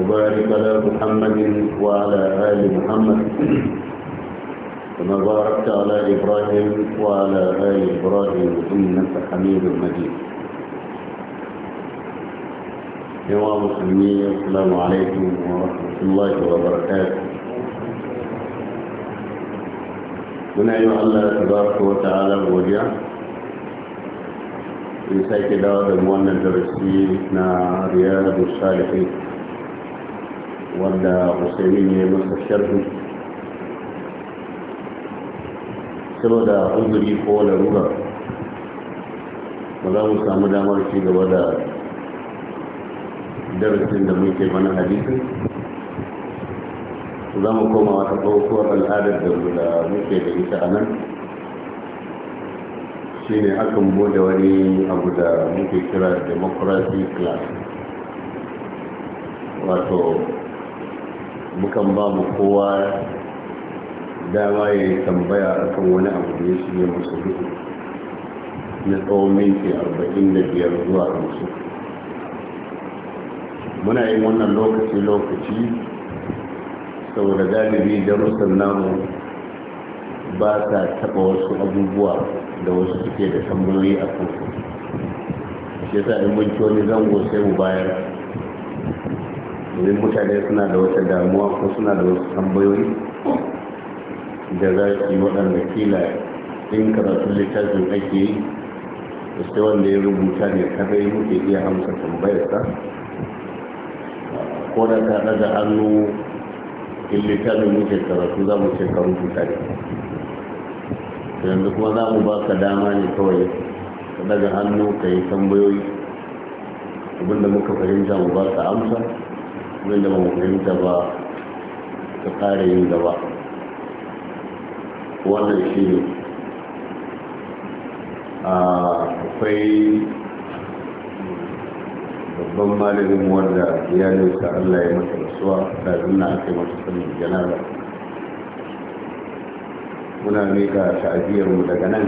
وبارك على محمد وعلى آل محمد كما باركت على إبراهيم وعلى آل إبراهيم إنك حميد مجيد يوم المسلمين السلام عليكم ورحمة الله وبركاته من أيها الله تبارك وتعالى وديا في سيكي dawo المؤمن الدرسي نا رياض الصالحين wanda musulmi ne masa sharhi saboda uzuri ko larura ba za mu samu damar ci gaba da darasin da muke mana hadisi za mu koma wata ɗaukuwar al'adar da muke da ita a nan shi ne akan bude wani abu da muke kira democracy class wato mukan ba mu kowa dama ya yi tambaya akan wani abu da ya musu masu duhu na tsawon minti arba'in da biyar zuwa hamsin muna yin wannan lokaci-lokaci saboda galibi darussan namu ba sa taɓa wasu abubuwa da wasu suke da tambayoyi a kansu shi yasa in mun wani zango sai mu bayar domin mutane suna da wata damuwa ko suna da wasu tambayoyi da za su yi waɗanda kila in karatu littafin ake yi da sai wanda ya rubuta ne kadai muke iya amsa tambayarsa ko da ta daga hannu in littafin muke karatu za mu ce ka rubuta ne yanzu kuma za mu ba ka dama ne kawai ka daga hannu ka yi tambayoyi abinda muka fahimta mu ba ka amsa wanda ba fahimta ba ta fara yin gaba wannan shi ne akwai babban malamin wanda ya iyalinsa allah ya mata rasuwa kafin na aka yi masa sanin janara muna mika ta'adiyarmu daga nan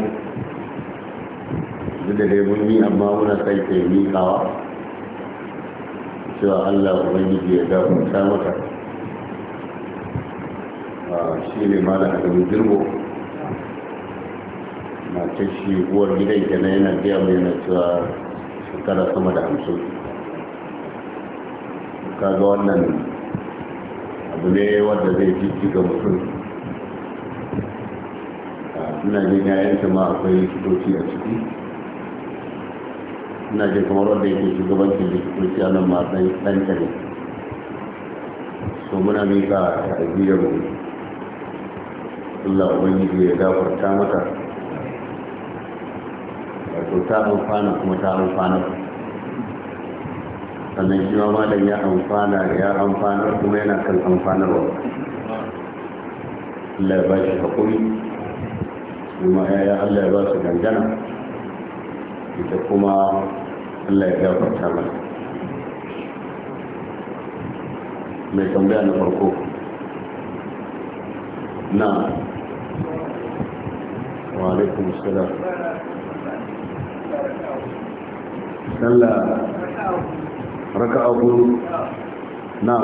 duk da dai mun yi amma muna ke mikawa cewa allah ubangiji ya gafarta mata shi ne malam adamu girbo ta shi uwar gidan kenan yana biya mai yana cewa shekara sama da hamsin Ka ga wannan abu ne wanda zai jiki ga mutum ina jin yanka ma akwai fitoci a ciki ina jin kamar wanda yake shugabancin da kurci a nan ma dan dan ne so muna mika a ajiyar mu Allah ubangiji ya gafarta mata wato ta amfana kuma ta amfana sannan shi ma malam ya amfana ya amfana kuma yana kan amfanarwa Allah ya ba shi haƙuri kuma ya Allah ya ba su dangana ita kuma Allah ya gafarta mana mai tambaya na farko na wa shirar sallah raka abu na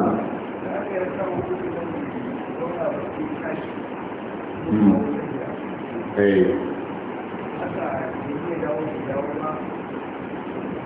Hmm. Hey. Eh.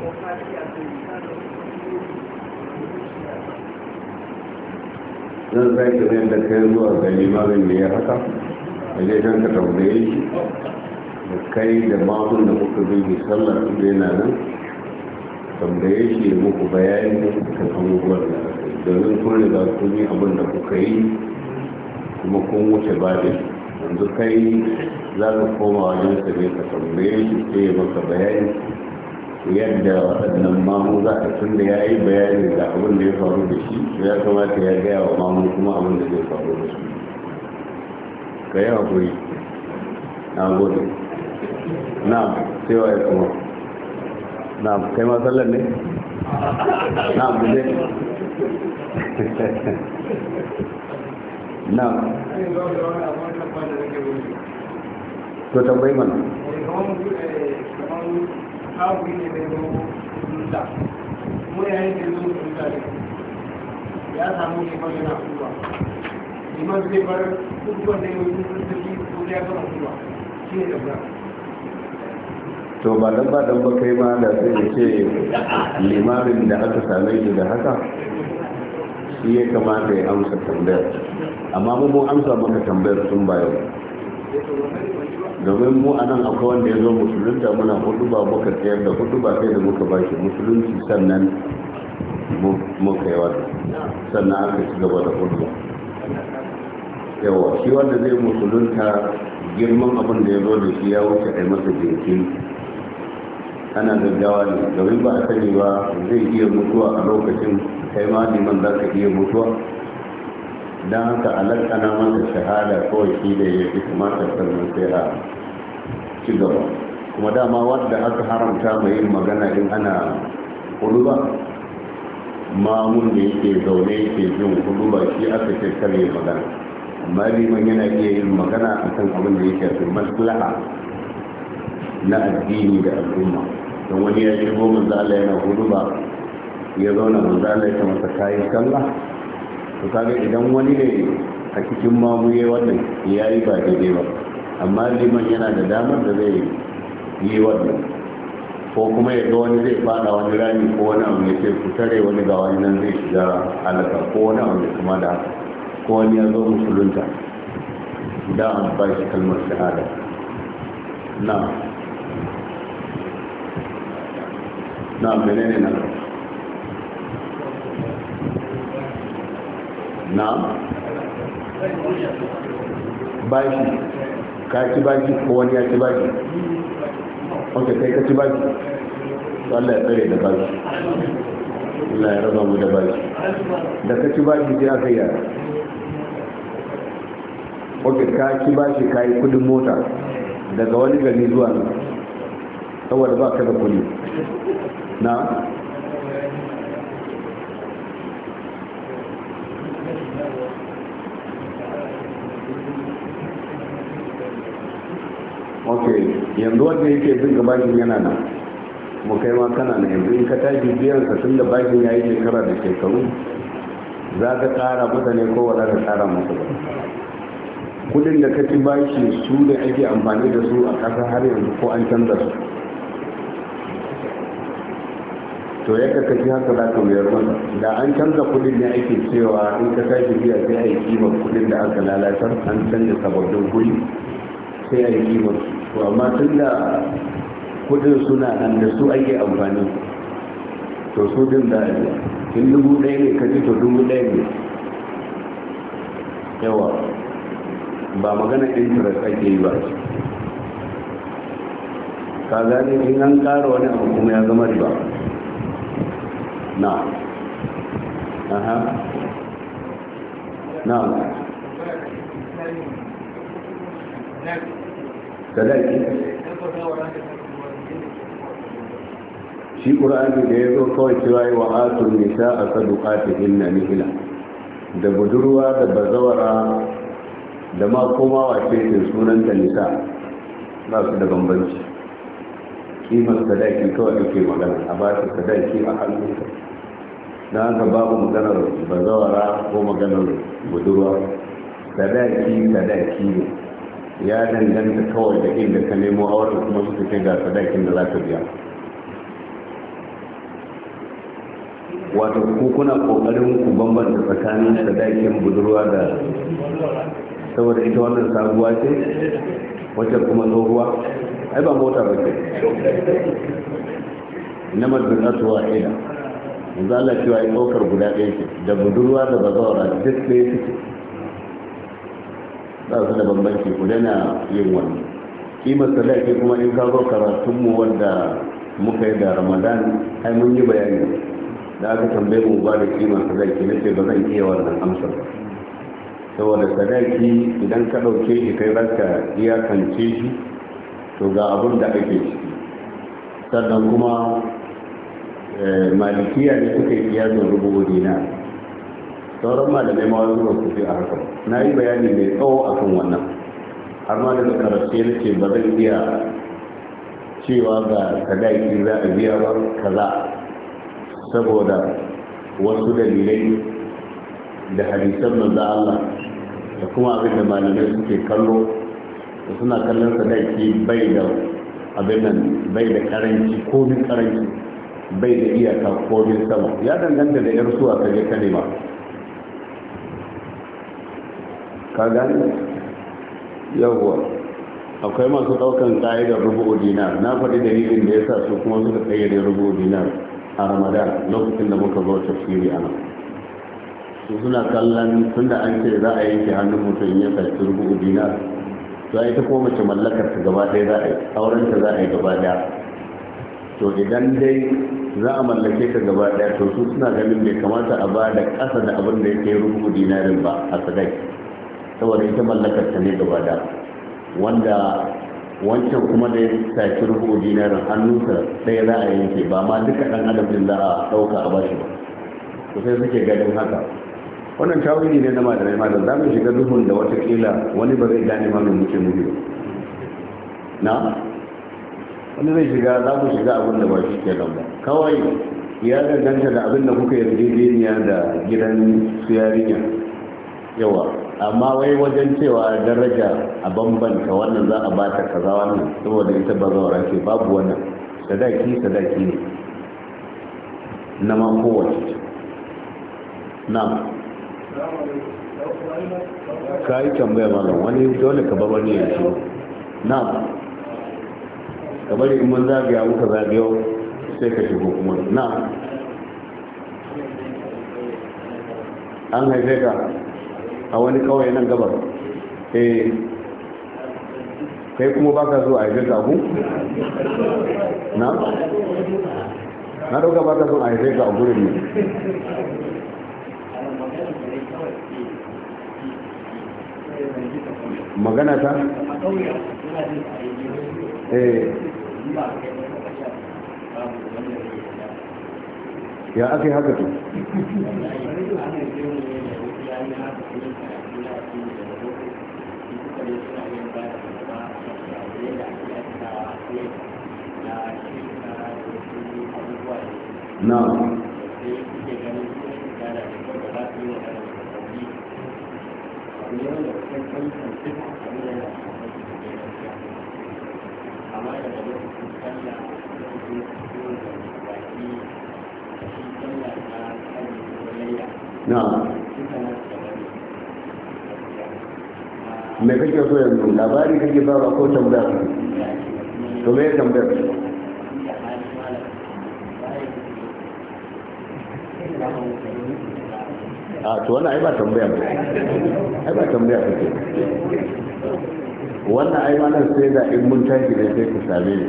zan sake zai da kai zuwa ga limamin da ya haka A zai don ka tambaye shi da kai da makon da kuka zai bi sallar da yana nan tambaye shi ya muku bayani da kuka abubuwan da domin kun za su yi abin da kuka yi kuma kun wuce da yanzu kai za ka koma wajen sa ne ka tambaye shi sai ya maka bayani yadda waɗannan mamu za a tun da ya yi bayanin da abin da ya faru da shi to ya kamata ya gaya wa mamu kuma abin da zai faru da su ka yi haƙuri na gode na cewa ya kuma na kai ma sallar ne na bude na to tambayi mana kawai ne bai zo sunta mu yayin da zo sunta ne ya samu ne ba yana kuwa liman zai bar duk wanda ya wuce sunta shi ko ya gama kuwa shi ne da to ba dan ba dan ba kai ma da sai ya ce limamin da aka same shi da haka shi ya kamata ya amsa tambayar amma mu mun amsa maka tambayar tun ba domin mu a nan akwai wanda ya zo musulunta muna hudu ba muka tsayar da hudu ba sai da muka ba shi musulunci sannan muka yi wata sannan aka ci gaba da hudu yawa shi wanda zai musulunta girman abin da ya zo da shi ya wuce a masa jinkiri ana gaggawa ne domin ba a sani ba zai iya mutuwa a lokacin kai ma neman za ka iya mutuwa don haka na masa shahada kawai shi da ya fi kamata sannan sai a ci gaba kuma dama wanda aka haramta mai yin magana in ana hudu ba mun da yake zaune ke jin hudu ba shi aka ce kare magana amma liman yana iya yin magana akan abin da yake fi maslaha na addini da al'umma don wani ya shigo zala yana hudu ba ya zauna manzala ya ta masa kayan kalla? to kaga idan wani ne a cikin mamuye wannan ya yi ba daidai ba amma liman yana da damar da zai yi wannan ko kuma ya ga wani zai fada wani rami ko wani abu ya ce ku tare wani ga wani nan zai shiga alaka ko wani abu ya kama da ko wani ya zo musulunta da an ba shi kalmar shahada na na menene na na baki ka ci baki ko wani ya ci baki ok kai ka ci baki Allah ya tsare da baki Allah ya raba mu da baki da ka ci baki sai aka yi ok ka ci baki ka yi kudin mota daga wani gari zuwa nan saboda ba ka da kudi na ok yanzu wanda yake bin ga bakin yana nan mu kai ma kana nan yanzu in ka tashi biyan sa tun da bashin ya yi shekara da shekaru za ka tsara masa ne ko wala ka tsara masa ba kudin da ka ci bashi su ne ake amfani da su a ƙasa har yanzu ko an canza su to yadda ka ci haka za ka wuyar masa da an canza kudin ne ake cewa in ka tashi biya sai a yi kudin da aka lalatar an canza sababbin kudi sai a yi kimar su to amma tun da kudin suna nan da su ake amfani to su din da tun dubu ɗaya ne kaji to dubu ɗaya ne yawa ba magana interest ake yi ba ka gane in an ƙara wani abu kuma ya zama riba na aha na Thank you. sadaki shi ƙura'ani da ya zo kawai cewa yi wa atun nisa a ta inna nihila da budurwa da bazawara da ma koma cikin sunan sunanta nisa ba su da bambanci kimar sadaki kawai ake magana a ba su sadaki a hannunta na haka babu maganar bazawara ko maganar budurwa sadaki sadaki ne ya danganta kawai da inda ka nemo wata kuma suka ce ga sadakin da za ka biya wato ku kuna kokarin ku bambanta tsakanin sadakin budurwa da saboda ita wannan sabuwa ce wacce kuma tsohuwa ai ba mota ba ce na mazbinatu wa ila yanzu Allah cewa ya ɗaukar guda ɗaya ce da budurwa da bazawara duk ɗaya suke ba da bambanci ku dana yin wani kimar sadaki kuma in ka zo karatunmu wanda muka yi da ramadan ai mun yi bayani da aka tambaye mu ba da kimar sadaki na ce ba zan iya wannan amsar saboda sadaki idan ka ɗauke shi kai za ka iyakance shi to ga abun da ake ciki sannan kuma eh, malikiya ne suka yi iyazin rubu dina. sauran malamai ma wani zuwa kufi a harkar na yi bayani mai tsawo a kan wannan har ma da karshe na ce ba zan iya cewa ga sadaki za a biya ba kaza saboda wasu dalilai da hadisan manzo Allah da kuma abin da malamai suke kallo da suna kallon sadaki bai da abin nan bai da karanci komin karanci bai da iyaka komin sama ya danganta da yar suwa kaje kalima ka gani yawwa akwai masu daukan ka'idar rubu dinar na faɗi dalilin da ya sa su kuma suka kayyade rubu dinar a ramadan lokacin da muka zo ta a nan su suna kallon tunda an ce za a yanke hannun mutum ya karci rubu dinar za a yi ta koma ce mallakar ta gaba ɗaya za a yi auren ta za a yi gaba ɗaya to idan dai za a mallake ta gaba ɗaya to su suna ganin bai kamata a ba da ƙasa da abin da ya kai rubu dinarin ba a sadaki saboda ita mallakar ta ne gaba da wanda wancan kuma da ya saki rubu dinarin hannunsa sai za a yanke ba ma duka ɗan adam din za a ɗauka a bashi ba to sai suke ganin haka wannan tawili ne na malamai ma za mu shiga duhun da wata kila wani ba zai gane ma mai muke muke na wani zai shiga za mu shiga abin da ba shi ke nan ba kawai ya danganta da abin da kuka yarjejeniya da gidan su yarinya yawa amma wai wajen cewa daraja a bambanta wannan za a bata kaza wannan saboda ita ba zaura ce babu wannan sadaki sadaki ne na ma kowace na ka yi tambaya malam wani dole ka bar wani yanzu na ka bari mun zagaya muka zagaya sai ka shigo kuma na an haife ka a wani kawai nan gabar eh kai kuma baka zo a yi ku na na dauka baka zo a yi ka a gurin ne magana ta eh ya ake haka to na'am na'am mai kake so yanzu labari kake ba ko tambaya to me su a ah, to wannan ai ba tambaya ba ai ba tambaya ba wannan ai wannan sai da in mun tashi da sai ku same ni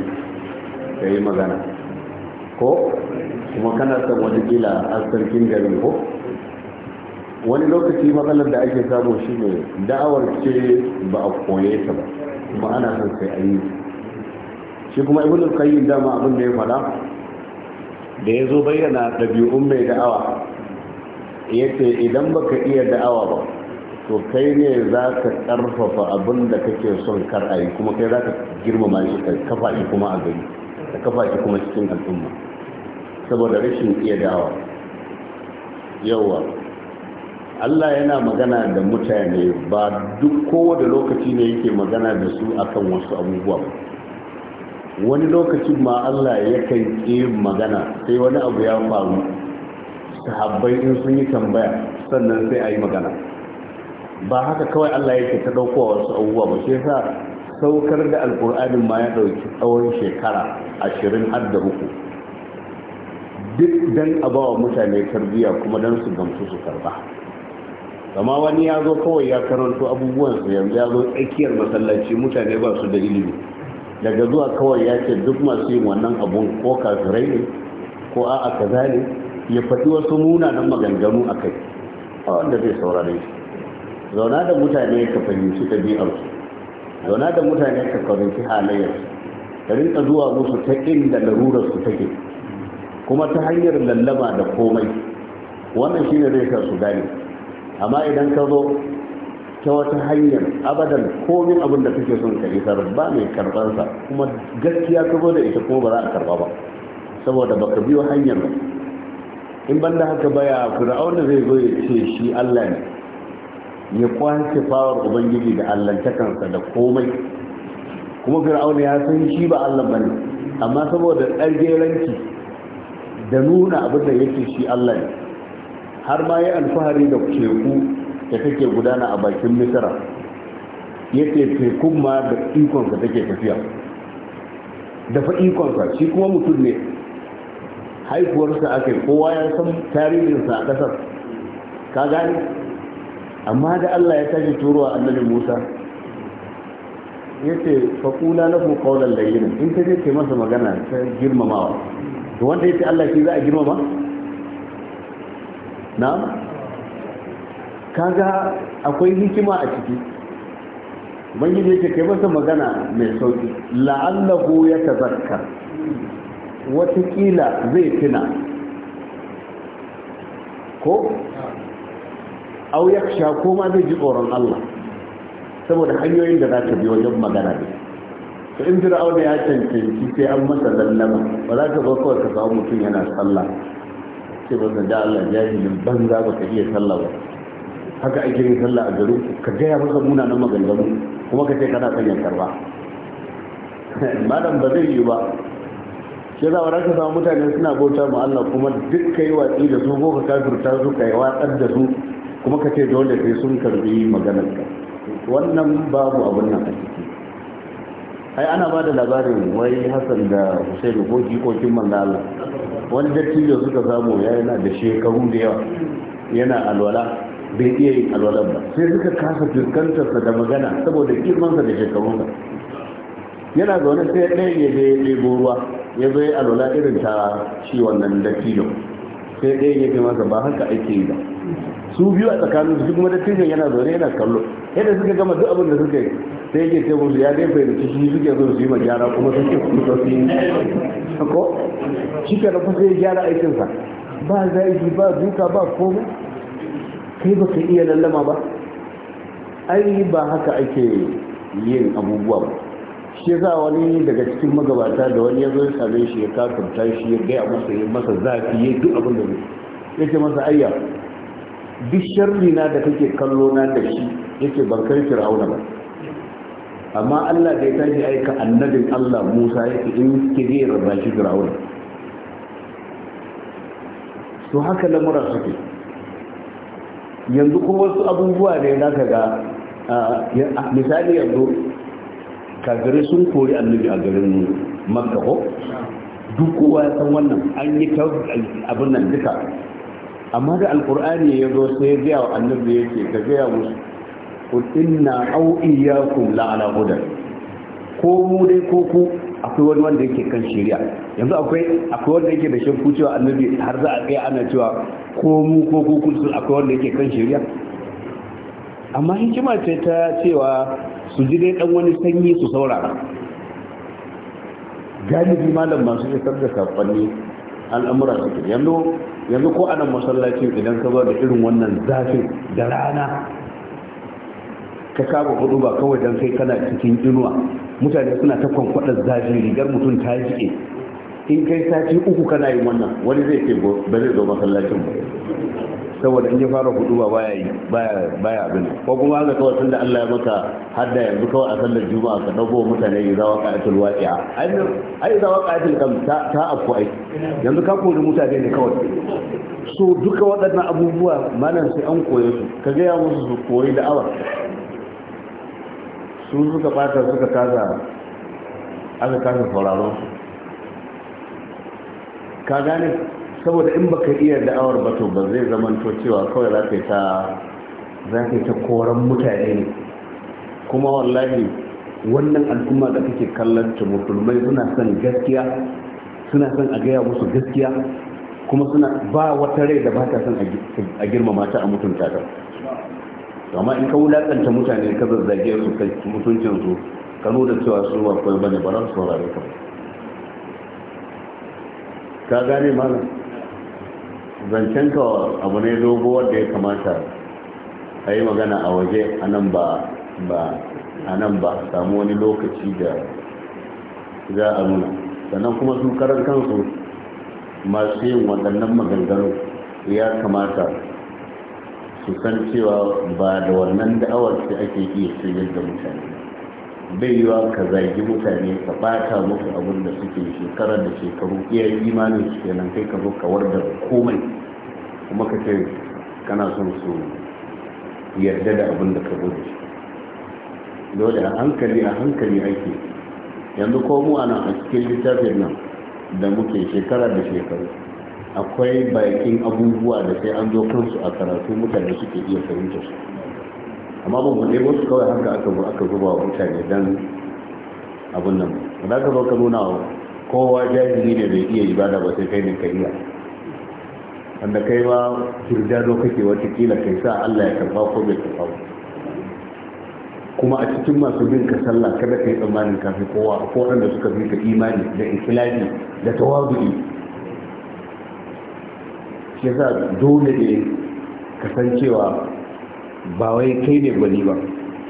ka yi magana ko kuma kana son wani gila a sarkin garin ko wani lokaci matsalar da ake samu shi ne da'awar ce ba a koye ta ba kuma ana son sai a yi shi kuma ibn al-qayyim dama abin da ya fada da ya zo bayyana dabi'un mai da'awa ya idan baka iya da'awa ba to kai ne zaka ka ƙarfafa abin da kake son kar ayi yi kuma kai za ka girmama shi ka kafa shi kuma a gari ka kafa shi kuma cikin al'umma saboda rashin iya da'awa yawa Allah yana magana da mutane ba duk kowane lokaci ne yake magana da su akan wasu abubuwa wani lokacin ma Allah yakan ƙi magana sai wani abu ya faru sahabbai in sun yi tambaya sannan sai a yi magana ba haka kawai Allah yake ta ɗaukowa wasu abubuwa ba shi sa saukar da alƙur'anin ma ya ɗauki tsawon shekara ashirin har da uku duk don a bawa mutane tarbiyya kuma don su gamsu su karba kama wani ya zo kawai ya karanto abubuwan su yanzu ya zo tsakiyar masallaci mutane ba su da ilimi daga zuwa kawai ya ce duk masu yin wannan abun ko kafirai ne ko a'a kaza ne ya faɗi wasu munanan maganganu a kai a wanda zai saurare shi zauna da mutane ka fahimci su. zauna da mutane ka fahimci su. ka rinka zuwa musu ta inda take kuma ta hanyar lallama da komai wannan shi ne zai sa su gane amma idan ka zo ta wata hanyar abadan komin abin da kake son ka isar ba mai karbansa kuma gaskiya ka zo da ita kuma ba za a karba ba saboda baka biyo hanyar ba in ban da haka baya fir'auna zai zo ya ce shi allah ne ya kwance fawar ubangiji da allantakansa da komai kuma fir'auna ya san shi ba allah bane amma saboda tsargeranci da nuna abin da yake shi allah ne har ma ya alfahari da teku da take gudana a bakin misira ya ce tekun ma da ikonsa take tafiya da fa ikonsa shi kuma mutum ne haifuwarsa aka yi kowa ya san tarihinsa a ƙasar ka gani amma da allah ya tashi a annabi musa ya ce faƙula na kuma kawalan layyinin in ta ce masa magana ta girmamawa da wanda ya ce allah shi za a girmama na kaga akwai hikima a ciki ubangiji yake kai masa magana mai sauki la'allahu ya tazarka watakila zai tuna ko au yaksha ko ma zai ji tsoron Allah saboda hanyoyin da za ta bi wajen magana ne to in auna ya cancanci sai an masa lallama ba za ka zo kawai ka samu mutum yana sallah sai zan da Allah jahilin banza ba ka iya sallah ba haka ake yin sallah a garin ka gaya maka munanan maganganu kuma ka ce kana son ya karba malam ba zai yi ba shi za a ka samu mutane suna bauta mu Allah kuma duk kai watsi da su ko ka kafirta su kai watsar da su kuma ka ce dole sai sun karbi maganar ka wannan babu abin nan ake ai ana ba da labarin wai hassan da hussein ko jikokin manzala wani dattijo suka samu ya yana da shekaru da yawa yana alwala bai iya yin alwalan ba sai suka kasa fuskantarsa da magana saboda girmansa da shekarunsa yana zaune sai ɗayan ya je ɗebo ruwa ya zai alwala irin ta shi wannan dattijo sai ɗayan ya ce masa ba haka ake yi ba su biyu a tsakanin su kuma dattijon yana zaune yana kallo yadda suka gama duk abin da suka yi sai yake ce musu ya dai fahimci shi suke zo su yi ma gyara kuma suke kusa su yi ko shi ka rafu sai gyara aikinsa ba zagi ba duka ba komai kai ba ka iya lallama ba ai ba haka ake yin abubuwa ba shi za wani daga cikin magabata da wani ya zo ya same shi ya kakunta shi ya gaya ya masa zafi ya duk abin da zai ya ce masa ayya duk sharri da kake kallo na da shi yake ban fir'auna ba amma Allah da ya tashi aika annabin Allah Musa yake in ki zai raba shi fir'auna to haka lamura suke yanzu kuma wasu abubuwa ne na ga misali yanzu kagare sun kori annabi a garin makka ko duk kowa ya san wannan an yi ta abin nan duka amma da alkur'ani ya zo sai ya gaya wa annabi ya ce ka gaya musu kun inna au iyyakum la ala hudan ko mu dai ko ku akwai wani wanda yake kan shari'a yanzu akwai akwai wanda yake da shakku cewa annabi har za a kai ana cewa ko mu ko ku kun akwai wanda yake kan shari'a amma hikima ce ta cewa su ji dai dan wani sanyi su saurara galibi malam masu isar da safanni al'amura suke yanzu yanzu ko nan masallaci idan ka zo da irin wannan zafin da rana ka kama hudu ba kawai don kai kana cikin inuwa mutane suna ta kwankwadar zafi rigar mutum ta jike in kai sati uku kana yin wannan wani zai ce ba zai zo masallacin ba saboda in ya fara huduba baya yi baya abin ko kuma ga kawai tunda Allah ya maka hadda yanzu kawai a sallar juma'a ka dago mutane yi zawa qa'atul waqi'a ai zawa qa'atul kam ta afku ai yanzu ka kori mutane ne kawai so duka waɗannan abubuwa malam sai an koye su ka ga ya musu su koyi awa. su suka fata suka kaza aka kasa sauraron su ka gane saboda in baka iya da'awar ba to ba zai zama to cewa kawai za ka yi ta za ka yi ta koran mutane ne kuma wallahi wannan al'umma da kake kallon ta musulmai suna son gaskiya suna son a gaya musu gaskiya kuma suna ba wata rai da ba ta son a girmama ta a mutunta ta amma in ka wulaƙanta mutane ka zazzage su kai mutuncin su ka nuna cewa su ba kai bane ba za su saurare ka ka gane malam zancen ka abu ne dogo wanda ya kamata a yi magana a waje a nan ba a ba samu wani lokaci da za a nuna sannan kuma su karar kansu masu yin wadannan maganganu ya kamata su san cewa ba da wannan da'awar ce ake iya shirya da mutane bai yiwa ka zagi mutane ka bata musu abin da suke shekara da shekaru iya imanin su kenan kai ka zo kawar da komai kuma ka ce kana son su yarda da abin da ka zo da shi dole a hankali a hankali ake yanzu ko mu ana a cikin littafin nan da muke shekara da shekaru akwai bakin abubuwa da sai an zo kansu a karatu mutane suke iya fahimta su amma ban buɗe wasu kawai haka aka aka zuba wa mutane dan abin nan ba za ka zo ka nuna wa kowa jahili ne bai iya ibada ba sai kai ne ka iya wanda kai ma kirjado kake watakila kai sa Allah ya karba ko bai karba ba kuma a cikin masu bin ka sallah kada ka yi tsammanin kafin kowa ko wanda suka fi ka imani da ikhlasi da tawazu'i shi yasa dole ne kasancewa ba wai kai ne gwani ba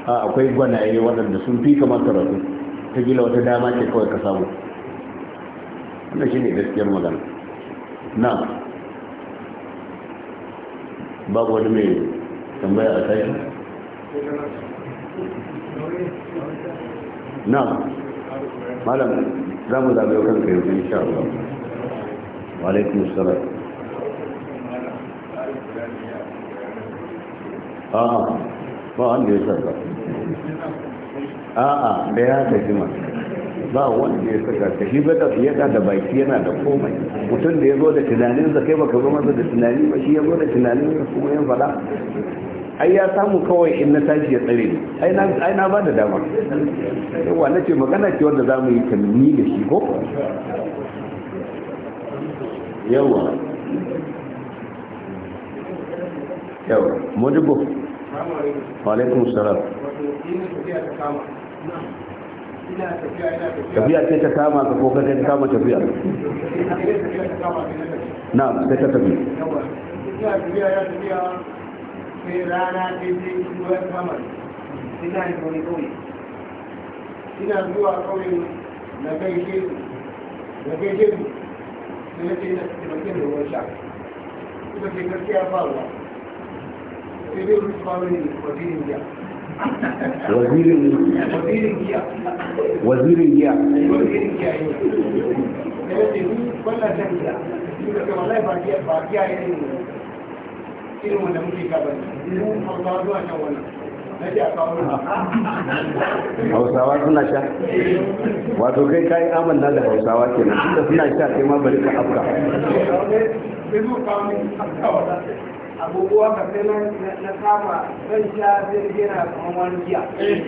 a akwai gwanaye waɗanda sun fi kamar karatu ta gila wata dama ce kawai ka samu wannan shi ne gaskiyar magana na ba wani mai tambaya a tashi na malam za mu zaɓe kanka yanzu insha Allah wa alaikun salam a'a ba wanda ya saka a'a da ya tafi ma ba wanda ya saka ta shi ba yana da baki yana da komai mutum da ya zo da tunanin sa kai baka zo masa da tunani ba shi ya zo da tunanin sa kuma ya fada ai ya samu kawai in na tashi ya tsare ni ai na ba da dama yawa na ce magana ce wanda za mu yi kalmi da shi ko yawa yawa dubu. alaikum salam tafiya ce ta kama ka ko kai ta kama tafiya na sai ta tafi ina zuwa kawai na gaishe su na gaishe su da sha wazirin giya wazirin giya hausawa suna sha wato kai kayi amanna da hausawa kenan tunda suna sha sai ma bari ka afka abubuwa ka sai na kama ban sha zai gina kamar wani giya eh.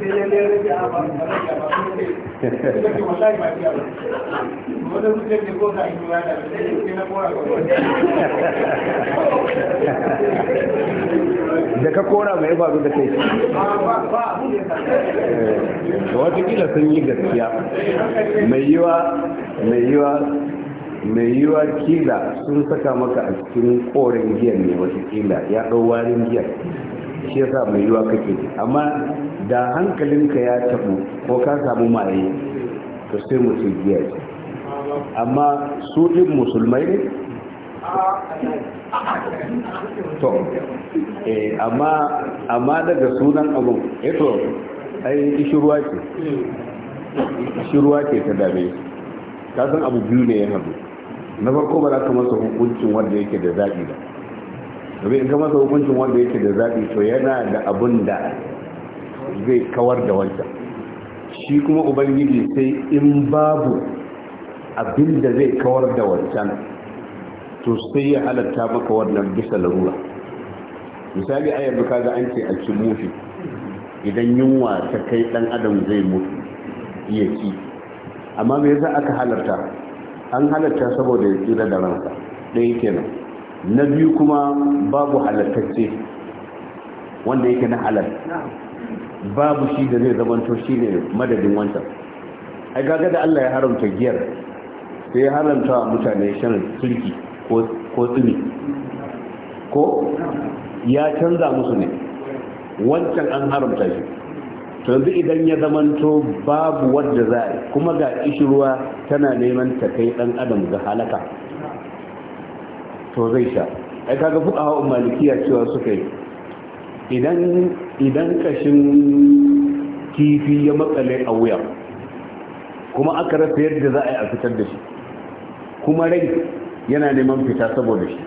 sai ya ne rage a ba ba rage ba ba ba ba ba ba ba ba ba ba ba ba ba ba ba da ba ba ba ba da ka kora mai ba da kai eh. wata kila sun yi gaskiya mai yiwa mai yiwa mai yiwa kila sun saka maka a cikin koren giyan ne watakila ya ɗau warin giyan shi yasa mai yiwa kake amma da hankalinka ya tabu ko ka samu maye to sai mutum giya ce amma su ɗin musulmai ne to eh, amma amma daga sunan abu eto eh ai ishirwa ce ishirwa ce ta dame ka san abu biyu ne ya haɗu na farko ba za ka masa hukuncin wanda yake da zaɓi ba domin in ka masa hukuncin wanda yake da zaɓi to yana da abin da zai kawar da wancan shi kuma ubangiji sai in babu abin da zai kawar da wancan to sai ya halatta maka wannan bisa larura misali a yanzu kaga an ce a ci mufi idan yunwa ta kai dan adam zai mutu iya ci amma me yasa aka halarta an halatta saboda ya tsira da ransa ɗaya kenan na biyu kuma babu halattacce wanda yake na halar. babu shi da zai zamanto shi ne madadin wancan ai gaga da Allah ya haramta giyar sai ya haramta wa mutane shan sulki ko tsini ko ya canza musu ne wancan an haramta shi to yanzu idan ya zamanto babu wadda za a kuma ga kishirwa tana neman ta kai dan adam ga halaka to zai sha ai kaga fuka hawa malikiya cewa suka yi idan idan kashin kifi ya matsale a wuya kuma aka rasa yadda za a yi a fitar da shi kuma rai yana neman fita saboda shi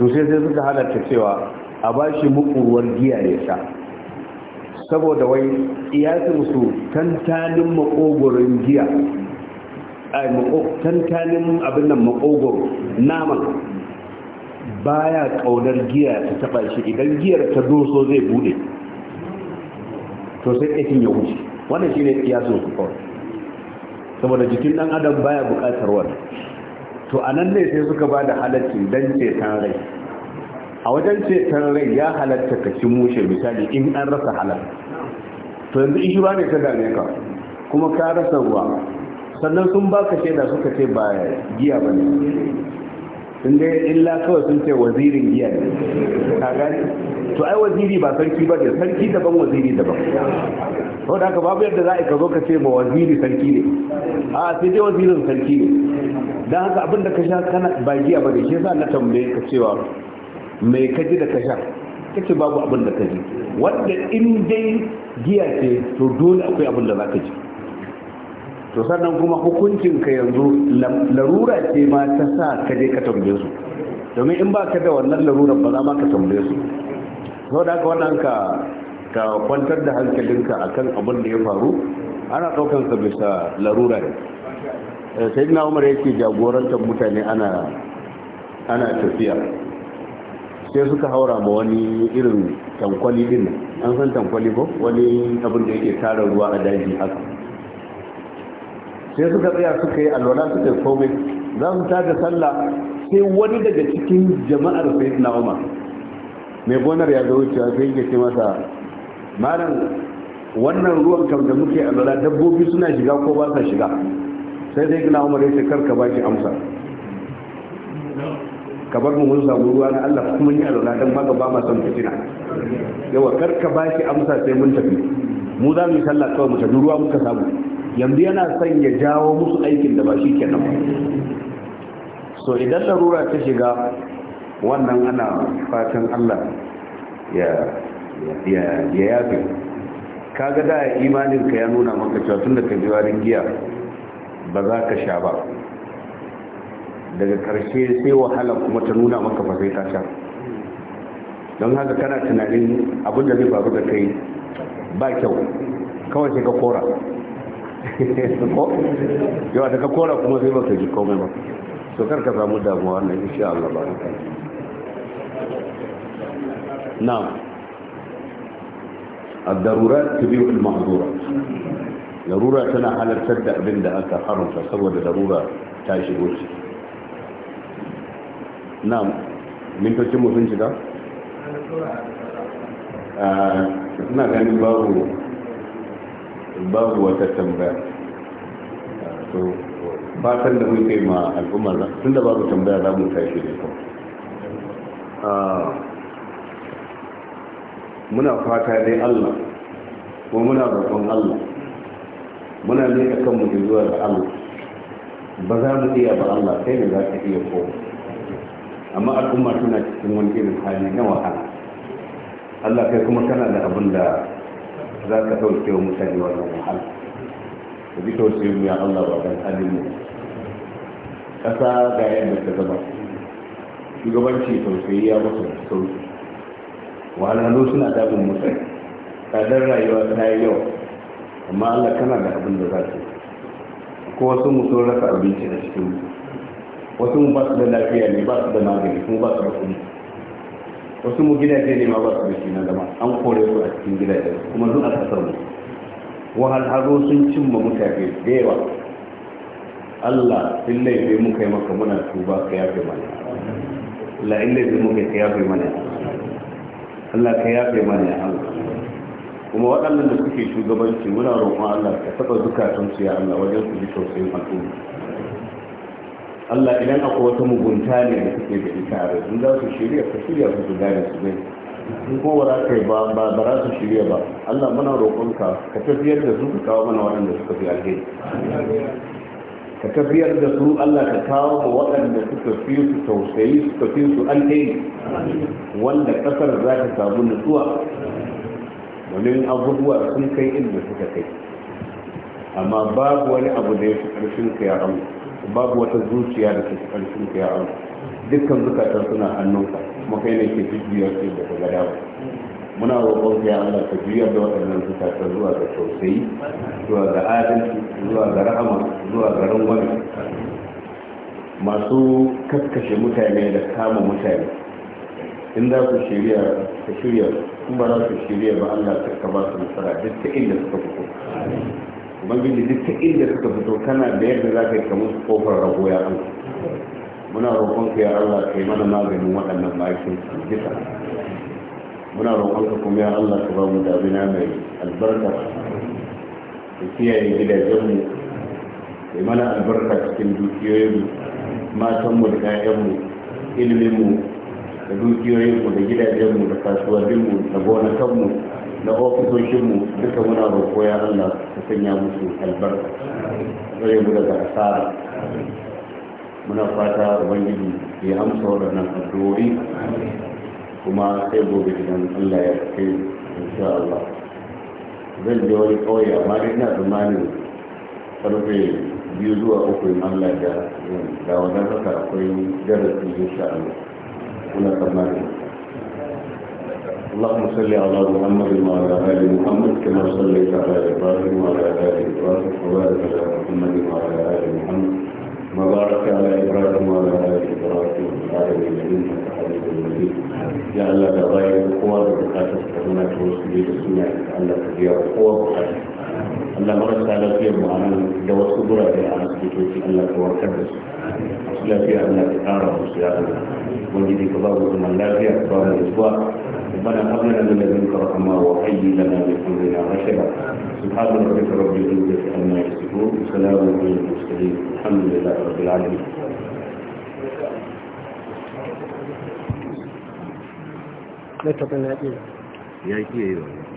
to sai sai suka halarta cewa a bashi shi mukuruwar giya ya sha saboda wai iyasinsu tantanin makogoron giya tantanin abin nan makogoro naman baya kaunar giya ta taba shi idan giyar ta doso zai bude to sai ɗakin ya wuce wannan shine iyasin su kawai saboda jikin ɗan adam baya bukatar wani to a nan ne sai suka ba da halacci don ceton rai a wajen ceton rai ya halatta ka ci mushe misali in an rasa halar to yanzu in shi ba ne ta dame ka kuma ka rasa ruwa sannan sun baka shaida suka ce ba giya ba ne sun dai illa kawai sun ce wazirin giya ne ka gani to ai waziri ba sarki ba ne sarki daban waziri daban to da haka babu yadda za a ka zo ka ce ba waziri sarki ne a sai dai wazirin sarki ne dan haka abin da ka sha kana ba giya ba ne shi yasa na tambaye ka cewa mai kaji da ka sha kace babu abin da kaji wanda in dai giya ce to dole akwai abin da za ka ji to sannan kuma hukuncin ka yanzu larura ce ma ta sa ka je ka tambaye su domin in ba ka da wannan larura ba za ma ka tambaye su sau da wannan ka ka kwantar da hankalinka akan abin da ya faru ana sa bisa larura ne eh, sai na umar yake jagorantar mutane ana tafiya sai suka haura ma wani irin tankwali din an san tankwali ko wani abin da yake tara ruwa a daji haka sai suka tsaya suka yi alwala suka komai za su tada sallah sai wani daga cikin jama'ar sai na umar mai gonar ya zo cewa sai yake ce masa malam wannan ruwan kam da muke alwala dabbobi suna shiga ko ba sa shiga sai sai na umar ya ce karka ba shi amsa ka bar mu mun samu ruwa na Allah kuma ni alwala dan baka ba ma son fitina yawa kar ka ba amsa sai mun tafi mu za mu yi kawai mu tafi ruwa muka samu yanzu yana son ya jawo musu aikin da ba shi kenan ba so idan larura ta shiga wannan ana fatan Allah ya ya Ka kaga da imanin ka ya nuna maka cewa tun da ka ji giya ba za ka sha ba daga karshe sai wahala kuma ta nuna maka ba zai ta don haka kana tunanin abin da zai faru da kai ba kyau kawai sai ka kora yawa da ka kora kuma zai ba ka ji komai ba so kar ka samu damuwa wannan insha Allah ba na'am الضرورات تبيح المحظورات ضرورة تنا على تبدأ بند أنت حرم تصور ضرورة تعيش الوجه na mintocin mutum shiga? suna ah, ganin babu babu wata tambaya so fatan da muke ma al'ummar tun da babu tambaya za mu tashi ne kawai ah, muna fata dai allah ko muna roƙon allah muna ne a mutu zuwa da allah ba za mu iya ba allah sai ne za ta iya kowa amma al'umma tana cikin wani irin hali na wahala Allah kai kuma kana da abin da za ka sauke wa mutane wannan wahala ka ji tausayin ya Allah ba dan halin mu ƙasa ga yadda ta zama shugabanci tausayi ya musu sauki hannu suna damun mutane tsadar rayuwa ta yi yau amma Allah kana da abin da za ka ko wasu mutum sun rasa abinci a cikin mu wasu mu ba su da lafiya ne ba su da magani kuma ba su da kuma wasu mu gidaje ne ma ba su da shi na zama an kore su a cikin gidaje kuma zuwa ta mu wahalhalu sun cimma mutane da yawa Allah in laifi muka yi maka muna tuba ka yafe mana Allah in laifi muka ka yafe mana Allah ka yafe mana ya Allah kuma waɗannan da suke shugabanci muna roƙon Allah ka taɓa zukatansu ya Allah wajen su ji tausayin al'umma Allah idan akwai wata mugunta ne da suke da ita a in za su shirya ka shirya su su gane su bai in ko ba za ka yi ba ba za su shirya ba Allah muna roƙonka ka tafiyar da su ka kawo mana waɗanda suka fi alheri ka tafiyar da su Allah ka kawo ma waɗanda suka fi su tausayi suka fi su alheri wanda ƙasar za ta samu nutsuwa domin abubuwa sun kai inda suka kai amma babu wani abu da ya fi ƙarfin ka ya Allah babu wata zuciya da ke karfin ka ya Allah dukkan zukatar suna hannunka kuma kai ne ke jujjuya su da ka gada ba muna roƙon ka ya Allah ka juyar da waɗannan zukatar zuwa ga tausayi zuwa ga adalci zuwa ga rahama zuwa ga rangwani masu kaskashe mutane da kama mutane in za ku shirya ka shirya kuma za ku shirya ba Allah ka ba su nasara duk ta inda suka fito ubangiji duk ta inda suka fito kana da yadda za ka yi kamar kofar rago ya an muna roƙon ka ya Allah kai mana maganin waɗannan bakin bisa muna roƙon ka kuma ya Allah ka ba mu damina mai albarka ka kiyaye gidajenmu kai mana albarka cikin dukiyoyinmu matanmu da 'ya'yanmu iliminmu da dukiyoyinmu da gidajenmu da kasuwanninmu da gonakanmu da ofisoshinmu duka muna roƙo ya Allah ta sanya musu albarka zai mu daga asara muna fata ubangiji ya amsa waɗannan addu'o'i kuma sai gobe idan Allah ya kai insha Allah zan je wani kawai amma ina tsammanin karfe biyu zuwa uku in Allah ya da wannan haka akwai darasi insha Allah muna tsammanin اللهم صل على محمد وعلى ال محمد كما صليت على ابراهيم وعلى ال ابراهيم وبارك على محمد وعلى ال محمد وبارك على ابراهيم وعلى ال ابراهيم في العالمين انك حميد مجيد يا الله غير القوى بكاتب كما توصلي بسنة الله كبير القوى الله مرس على فيه معنا دوس كبرى في عمس انك الله كوركبس اصلا فيها أنك تعرف يا الله وجدي كبار لا فيها اكبر الإسواق ربنا هب لنا من لدنك رحمة وهيئ لنا من أمرنا رشدا سبحان ربك رب العزة عما يصفون وسلام على المرسلين الحمد لله رب العالمين لا تقلنا إيه يا إيه